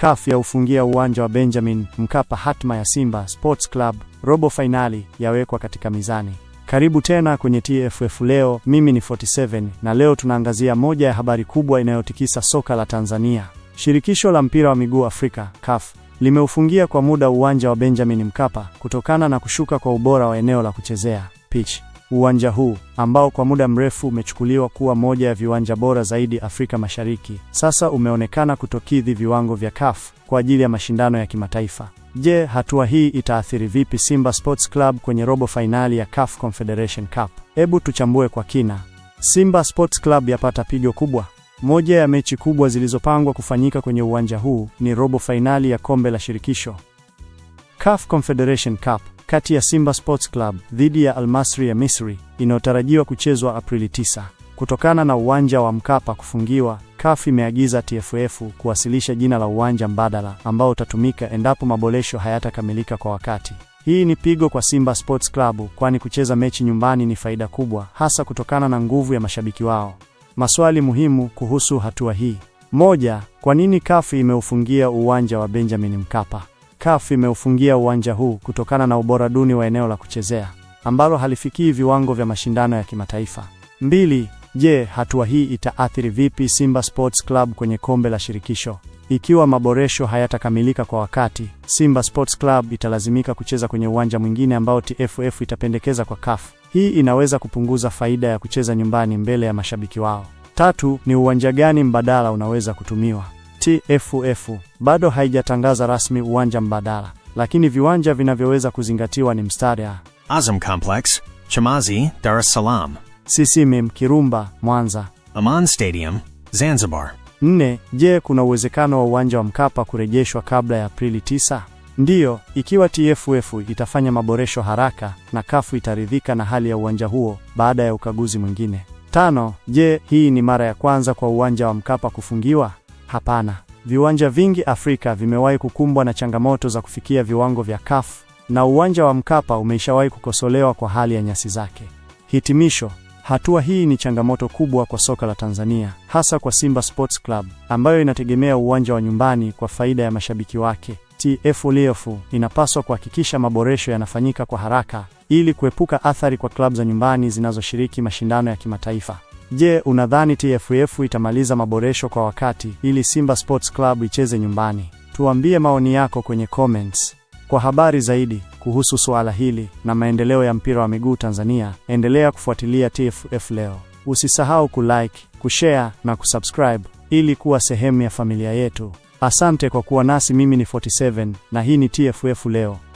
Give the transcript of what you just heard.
CAF ufungia uwanja wa Benjamin Mkapa hatma ya Simba Sports Club, robo fainali yawekwa katika mizani. Karibu tena kwenye TFF leo. Mimi ni 47 na leo tunaangazia moja ya habari kubwa inayotikisa soka la Tanzania. Shirikisho la mpira wa miguu Afrika CAF limeufungia kwa muda uwanja wa Benjamin Mkapa kutokana na kushuka kwa ubora wa eneo la kuchezea pitch. Uwanja huu ambao kwa muda mrefu umechukuliwa kuwa moja ya viwanja bora zaidi Afrika Mashariki, sasa umeonekana kutokidhi viwango vya CAF kwa ajili ya mashindano ya kimataifa. Je, hatua hii itaathiri vipi Simba Sports Club kwenye robo fainali ya CAF Confederation Cup? Hebu tuchambue kwa kina. Simba Sports Club yapata pigo kubwa. Moja ya mechi kubwa zilizopangwa kufanyika kwenye uwanja huu ni robo fainali ya kombe la shirikisho CAF Confederation Cup kati ya Simba Sports Club dhidi ya almasri ya Misri inayotarajiwa kuchezwa Aprili 9. Kutokana na uwanja wa Mkapa kufungiwa, CAF imeagiza TFF kuwasilisha jina la uwanja mbadala ambao utatumika endapo maboresho hayatakamilika kwa wakati. Hii ni pigo kwa Simba Sports Club kwani kucheza mechi nyumbani ni faida kubwa hasa kutokana na nguvu ya mashabiki wao. Maswali muhimu kuhusu hatua hii. Moja, kwa nini CAF imeufungia uwanja wa Benjamin Mkapa? CAF imeufungia uwanja huu kutokana na ubora duni wa eneo la kuchezea ambalo halifikii viwango vya mashindano ya kimataifa. Mbili, je, hatua hii itaathiri vipi Simba Sports Club kwenye kombe la shirikisho? Ikiwa maboresho hayatakamilika kwa wakati, Simba Sports Club italazimika kucheza kwenye uwanja mwingine ambao TFF itapendekeza kwa CAF. Hii inaweza kupunguza faida ya kucheza nyumbani mbele ya mashabiki wao. Tatu, ni uwanja gani mbadala unaweza kutumiwa? TFF bado haijatangaza rasmi uwanja mbadala, lakini viwanja vinavyoweza kuzingatiwa ni mstari A, Azam Complex, Chamazi, Dar es Salaam, CCM Kirumba, Mwanza, Aman Stadium, Zanzibar. Nne, je, kuna uwezekano wa uwanja wa Mkapa kurejeshwa kabla ya Aprili 9? Ndiyo, ikiwa TFF itafanya maboresho haraka na kafu itaridhika na hali ya uwanja huo baada ya ukaguzi mwingine. Tano, je, hii ni mara ya kwanza kwa uwanja wa Mkapa kufungiwa? Hapana, viwanja vingi Afrika vimewahi kukumbwa na changamoto za kufikia viwango vya CAF na uwanja wa Mkapa umeishawahi kukosolewa kwa hali ya nyasi zake. Hitimisho, hatua hii ni changamoto kubwa kwa soka la Tanzania, hasa kwa Simba Sports Club ambayo inategemea uwanja wa nyumbani kwa faida ya mashabiki wake. TF inapaswa kuhakikisha maboresho yanafanyika kwa haraka ili kuepuka athari kwa klabu za nyumbani zinazoshiriki mashindano ya kimataifa. Je, unadhani TFF itamaliza maboresho kwa wakati ili Simba Sports Club icheze nyumbani? Tuambie maoni yako kwenye comments. Kwa habari zaidi kuhusu suala hili na maendeleo ya mpira wa miguu Tanzania, endelea kufuatilia TFF Leo. Usisahau kulike, kushare na kusubscribe ili kuwa sehemu ya familia yetu. Asante kwa kuwa nasi. Mimi ni 47 na hii ni TFF Leo.